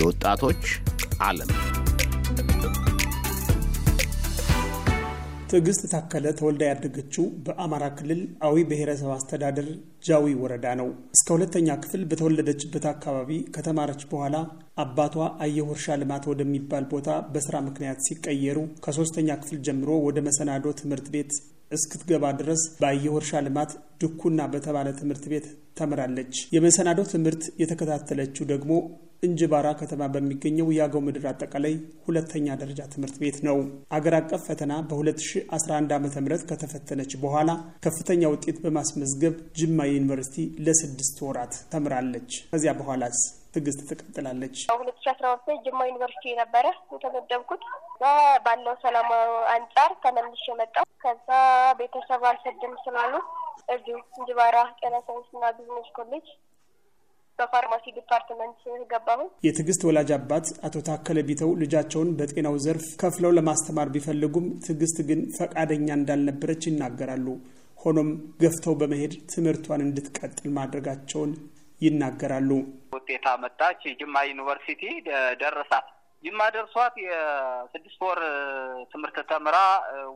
የወጣቶች ዓለም ትዕግስት ታከለ ተወልዳ ያደገችው በአማራ ክልል አዊ ብሔረሰብ አስተዳደር ጃዊ ወረዳ ነው። እስከ ሁለተኛ ክፍል በተወለደችበት አካባቢ ከተማረች በኋላ አባቷ አየሁ እርሻ ልማት ወደሚባል ቦታ በስራ ምክንያት ሲቀየሩ ከሶስተኛ ክፍል ጀምሮ ወደ መሰናዶ ትምህርት ቤት እስክትገባ ድረስ በአየሁ እርሻ ልማት ድኩና በተባለ ትምህርት ቤት ተምራለች። የመሰናዶ ትምህርት የተከታተለችው ደግሞ እንጅባራ ከተማ በሚገኘው የአገው ምድር አጠቃላይ ሁለተኛ ደረጃ ትምህርት ቤት ነው። አገር አቀፍ ፈተና በ2011 ዓ ም ከተፈተነች በኋላ ከፍተኛ ውጤት በማስመዝገብ ጅማ ዩኒቨርሲቲ ለስድስት ወራት ተምራለች። ከዚያ በኋላስ ትዕግስት ትቀጥላለች። ሁለት ሺ አስራ ሁለት ጅማ ዩኒቨርሲቲ ነበረ የተመደብኩት ባለው ሰላም አንጻር ተመልሽ የመጣው ከዛ ቤተሰብ አልሰድም ስላሉ እዚሁ እንጅባራ ጤና ሳይንስና ቢዝነስ ኮሌጅ በፋርማሲ ዲፓርትመንት ገባሁኝ። የትዕግስት ወላጅ አባት አቶ ታከለ ቢተው ልጃቸውን በጤናው ዘርፍ ከፍለው ለማስተማር ቢፈልጉም ትዕግስት ግን ፈቃደኛ እንዳልነበረች ይናገራሉ። ሆኖም ገፍተው በመሄድ ትምህርቷን እንድትቀጥል ማድረጋቸውን ይናገራሉ። ውጤታ መጣች። ጅማ ዩኒቨርሲቲ ደረሳት። ጅማ ደርሷት የስድስት ወር ትምህርት ተምራ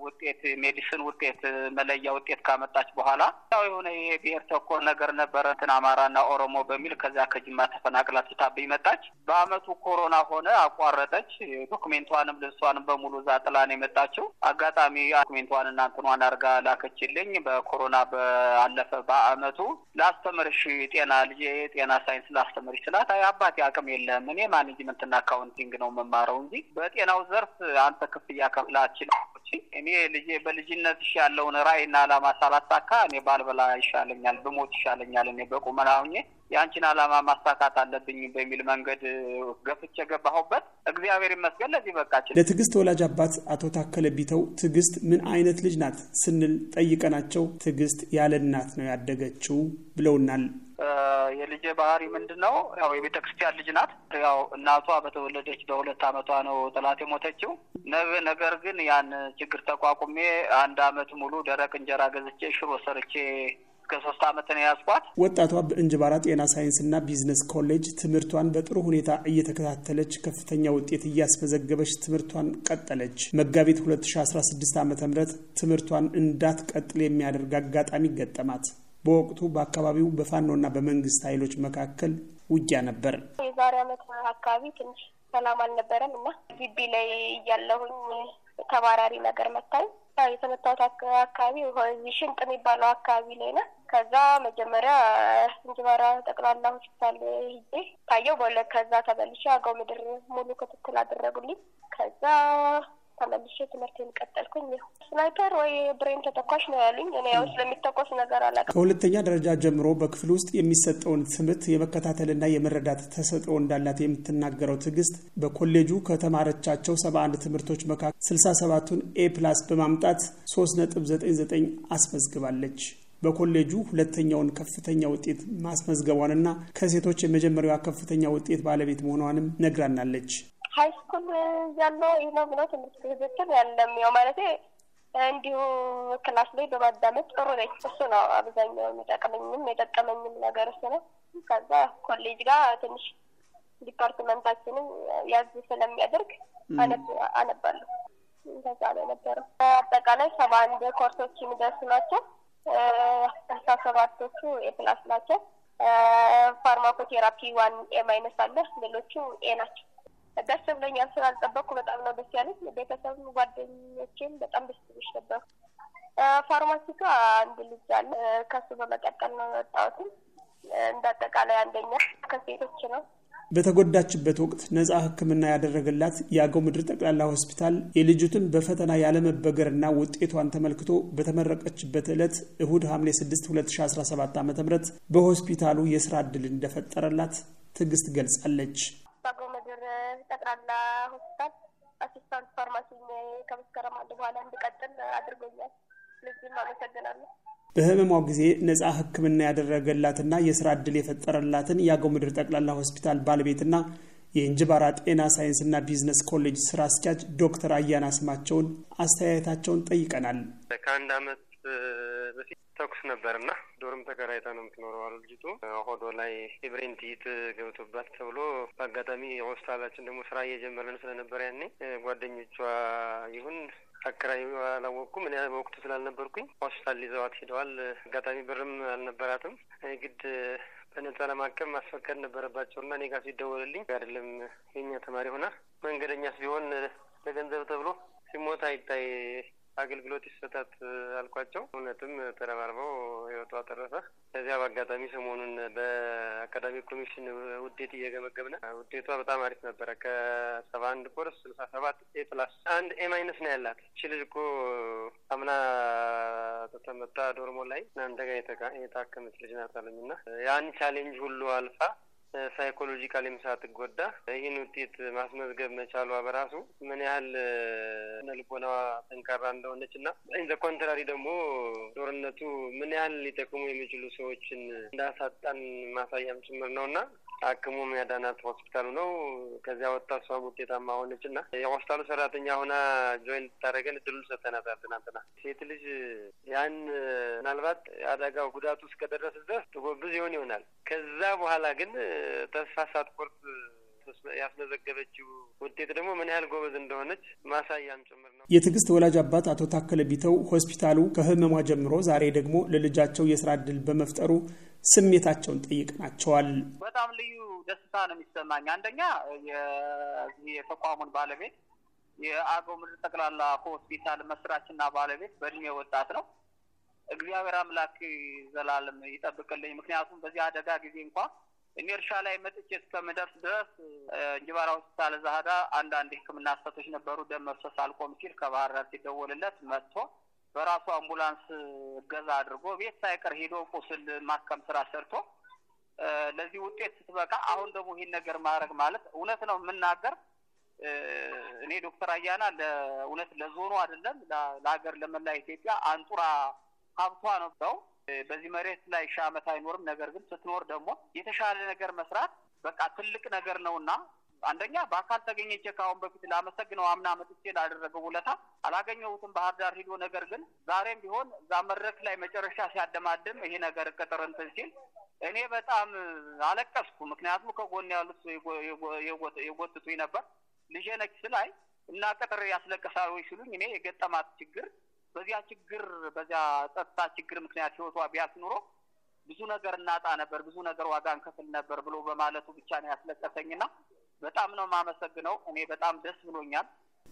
ውጤት ሜዲሲን ውጤት መለያ ውጤት ካመጣች በኋላ ያው የሆነ ይሄ ብሔር ተኮር ነገር ነበረ እንትን አማራና ኦሮሞ በሚል ከዚያ ከጅማ ተፈናቅላ ትታብኝ መጣች። በአመቱ ኮሮና ሆነ አቋረጠች። ዶክሜንቷንም ልብሷንም በሙሉ እዛ ጥላን የመጣችው። አጋጣሚ ዶክሜንቷን እና እንትኗን አርጋ ላከችልኝ። በኮሮና በአለፈ በአመቱ ላስተምርሽ ጤና ልጄ ጤና ሳይንስ ላስተምርሽ ስላት አይ አባቴ አቅም የለም እኔ ማኔጅመንትና አካውንቲንግ ነው ነው መማረው እንጂ በጤናው ዘርፍ አንተ ክፍያ ከፍላችን እኔ ልጄ በልጅነት ያለውን ራዕይና አላማ ሳላሳካ እኔ ባልበላ ይሻለኛል፣ ብሞት ይሻለኛል፣ እኔ በቁመና ሁኜ የአንቺን አላማ ማሳካት አለብኝ በሚል መንገድ ገፍቼ ገባሁበት። እግዚአብሔር ይመስገን ለዚህ በቃችን። ለትዕግስት ወላጅ አባት አቶ ታከለ ቢተው ትዕግስት ምን አይነት ልጅ ናት ስንል ጠይቀናቸው ትዕግስት ያለ እናት ነው ያደገችው ብለውናል። የልጄ ባህሪ ምንድን ነው? ያው የቤተ ክርስቲያን ልጅ ናት። ያው እናቷ በተወለደች በሁለት አመቷ ነው ጥላት የሞተችው። ነገር ግን ያን ችግር ተቋቁሜ አንድ አመት ሙሉ ደረቅ እንጀራ ገዝቼ ሽሮ ሰርቼ ከሶስት አመት ነው ያስኳት። ወጣቷ በእንጅባራ ጤና ሳይንስና ቢዝነስ ኮሌጅ ትምህርቷን በጥሩ ሁኔታ እየተከታተለች ከፍተኛ ውጤት እያስመዘገበች ትምህርቷን ቀጠለች። መጋቢት 2016 ዓ ም ትምህርቷን እንዳትቀጥል የሚያደርግ አጋጣሚ ገጠማት። በወቅቱ በአካባቢው በፋኖና በመንግስት ኃይሎች መካከል ውጊያ ነበር። የዛሬ ዓመት አካባቢ ትንሽ ሰላም አልነበረም እና ግቢ ላይ እያለሁኝ ተባራሪ ነገር መታኝ። የተመታሁት አካባቢ እዚህ ሽንጥ የሚባለው አካባቢ ላይ ነው። ከዛ መጀመሪያ እንጅባራ ጠቅላላ ሆስፒታል ሄጄ ታየው በለ ከዛ ተበልሼ አገው ምድር ሙሉ ክትትል አደረጉልኝ። ከዛ ተመልሼ ትምህርቴን ቀጠልኩኝ። ስናይፐር ወይ ብሬን ተተኳሽ ነው ያሉኝ። እኔ ያው ስለሚተኮስ ነገር አላውቅም። ከሁለተኛ ደረጃ ጀምሮ በክፍል ውስጥ የሚሰጠውን ትምህርት የመከታተልና የመረዳት ተሰጥኦ እንዳላት የምትናገረው ትዕግስት በኮሌጁ ከተማረቻቸው ሰባ ትምህርቶች መካከል ስልሳ ሰባቱን ኤ ፕላስ በማምጣት ሶስት ነጥብ ዘጠኝ ዘጠኝ አስመዝግባለች። በኮሌጁ ሁለተኛውን ከፍተኛ ውጤት ማስመዝገቧንና ከሴቶች የመጀመሪያዋ ከፍተኛ ውጤት ባለቤት መሆኗንም ነግራናለች። ሀይ ስኩል ያለው ይህ ነው ብለው ትምህርት ቤቶችን ያለም ያው ማለት እንዲሁ ክላስ ላይ በማዳመጥ ጥሩ ነኝ። እሱ ነው አብዛኛው የሚጠቅመኝም የጠቀመኝም ነገር እሱ ነው። ከዛ ኮሌጅ ጋር ትንሽ ዲፓርትመንታችንም ያዝ ስለሚያደርግ አነባለሁ። እንደዛ ነው የነበረው። አጠቃላይ ሰባ አንድ ኮርሶች የሚደርሱ ናቸው። አስራ ሰባቶቹ ኤፕላስ ናቸው። ፋርማኮቴራፒ ዋን ኤ ማይነስ አለ። ሌሎቹ ኤ ናቸው። ደስ ብሎኛል። ስላልጠበቅኩ በጣም ነው ደስ ያለኝ። ቤተሰብ ጓደኞቼም በጣም ደስ ብሎች ነበሩ። ፋርማሲቱ አንድ ልጅ አለ። ከሱ በመቀጠል ነው የወጣሁትም። እንደ አጠቃላይ አንደኛ ከሴቶች ነው። በተጎዳችበት ወቅት ነጻ ሕክምና ያደረገላት የአገው ምድር ጠቅላላ ሆስፒታል የልጅቱን በፈተና ያለመበገርና ውጤቷን ተመልክቶ በተመረቀችበት ዕለት እሁድ ሐምሌ 6 2017 ዓ ም በሆስፒታሉ የስራ ዕድል እንደፈጠረላት ትዕግስት ገልጻለች። ስለዚህ ጠቅላላ ሆስፒታል አሲስታንት ፋርማሲ ከመስከረም አንድ በኋላ እንድቀጥል አድርጎኛል። ስለዚህም አመሰግናለሁ። በህመሟ ጊዜ ነጻ ሕክምና ያደረገላትና የስራ ዕድል የፈጠረላትን የአገው ምድር ጠቅላላ ሆስፒታል ባለቤትና የእንጅባራ ጤና ሳይንስና ቢዝነስ ኮሌጅ ስራ አስኪያጅ ዶክተር አያና ስማቸውን አስተያየታቸውን ጠይቀናል። ከአንድ አመት በፊት ተኩስ ነበርና ዶርም ተከራይታ ነው የምትኖረው ልጅቱ። ሆዶ ላይ ኢብሬንቲት ገብቶባት ተብሎ በአጋጣሚ ሆስፒታላችን ደግሞ ስራ እየጀመረን ስለነበር ያኔ ጓደኞቿ ይሁን አከራቢው አላወቅኩም። እኔ በወቅቱ ስላልነበርኩኝ ሆስፒታል ይዘዋት ሄደዋል። አጋጣሚ ብርም አልነበራትም። ግድ በነጻ ለማከም ማስፈቀድ ነበረባቸውና እኔ ጋር ሲደወልልኝ አይደለም የኛ ተማሪ ሆና መንገደኛስ ቢሆን ለገንዘብ ተብሎ ሲሞት አይታይ አገልግሎት ይሰጣት አልኳቸው። እውነትም ተረባርበው ህይወቷ ተረፈ። ከዚያ በአጋጣሚ ሰሞኑን በአካዳሚ ኮሚሽን ውጤት እየገመገብን ውጤቷ በጣም አሪፍ ነበረ። ከሰባ አንድ ኮርስ ስልሳ ሰባት ኤ ፕላስ አንድ ኤ ማይነስ ነው ያላት። እቺ ልጅ እኮ አምና ተተመታ ዶርሞ ላይ እናንተ ጋር የታከመች ልጅ ናት አሉኝ እና ያን ቻሌንጅ ሁሉ አልፋ ሳይኮሎጂካሊም ሳትጎዳ ይህን ውጤት ማስመዝገብ መቻሏ በራሱ ምን ያህል ልቦናዋ ጠንካራ እንደሆነች እና ዘ ኮንትራሪ ደግሞ ጦርነቱ ምን ያህል ሊጠቅሙ የሚችሉ ሰዎችን እንዳሳጣን ማሳያም ጭምር ነው እና አክሙ ያዳናት ሆስፒታሉ ነው። ከዚያ ወጣ እሷም ውጤታማ ሆነች እና የሆስፒታሉ ሰራተኛ ሆና ጆይን ታደረገን እድሉን ሰተናታል። ትናንትና ሴት ልጅ ያን ምናልባት አደጋው ጉዳቱ እስከደረስ ድረስ ትጎብዝ ይሆን ይሆናል። ከዛ በኋላ ግን ተስፋ ሳትቆርጥ ያስመዘገበችው ውጤት ደግሞ ምን ያህል ጎበዝ እንደሆነች ማሳያም ጭምር ነው። የትዕግስት ወላጅ አባት አቶ ታከለ ቢተው ሆስፒታሉ ከህመሟ ጀምሮ ዛሬ ደግሞ ለልጃቸው የስራ እድል በመፍጠሩ ስሜታቸውን ጠይቀናቸዋል። በጣም ልዩ ደስታ ነው የሚሰማኝ። አንደኛ የተቋሙን ባለቤት የአገው ምድር ጠቅላላ ሆስፒታል መስራችና ባለቤት በእድሜ ወጣት ነው። እግዚአብሔር አምላክ ዘላለም ይጠብቅልኝ። ምክንያቱም በዚህ አደጋ ጊዜ እንኳ እኔ እርሻ ላይ መጥቼ እስከምደርስ ድረስ እንጅባራ ሆስፒታል ዛህዳ አንዳንድ ህክምና ስተቶች ነበሩ። ደም መፍሰስ አልቆም ሲል ከባህር ዳር ሲደወልለት መጥቶ በራሱ አምቡላንስ እገዛ አድርጎ ቤት ሳይቀር ሄዶ ቁስል ማከም ስራ ሰርቶ ለዚህ ውጤት ስትበቃ አሁን ደግሞ ይህን ነገር ማድረግ ማለት እውነት ነው የምናገር። እኔ ዶክተር አያና ለእውነት ለዞኑ አይደለም ለሀገር ለመላ ኢትዮጵያ አንጡራ ሀብቷ ነው ሰው በዚህ መሬት ላይ ሺህ ዓመት አይኖርም። ነገር ግን ስትኖር ደግሞ የተሻለ ነገር መስራት በቃ ትልቅ ነገር ነውና አንደኛ በአካል ተገኘቼ ከአሁን በፊት ላመሰግነው አምና መጥቼ ላደረገው ውለታ አላገኘሁትም ባህር ዳር ሂዶ፣ ነገር ግን ዛሬም ቢሆን እዛ መድረክ ላይ መጨረሻ ሲያደማድም ይሄ ነገር ቅጥር እንትን ሲል እኔ በጣም አለቀስኩ። ምክንያቱም ከጎን ያሉት የጎትቱኝ ነበር ልጄ ነች ስላይ እና ቅጥር ያስለቅሳል ወይ ሲሉኝ እኔ የገጠማት ችግር በዚያ ችግር በዚያ ጸጥታ ችግር ምክንያት ህይወቷ ቢያስ ኑሮ ብዙ ነገር እናጣ ነበር፣ ብዙ ነገር ዋጋ እንከፍል ነበር ብሎ በማለቱ ብቻ ነው ያስለቀሰኝና በጣም ነው የማመሰግነው። እኔ በጣም ደስ ብሎኛል።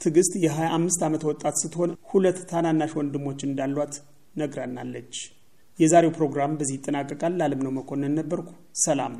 ትዕግስት የሀያ አምስት ዓመት ወጣት ስትሆን ሁለት ታናናሽ ወንድሞች እንዳሏት ነግራናለች። የዛሬው ፕሮግራም በዚህ ይጠናቀቃል። አለምነው መኮንን ነበርኩ። ሰላም።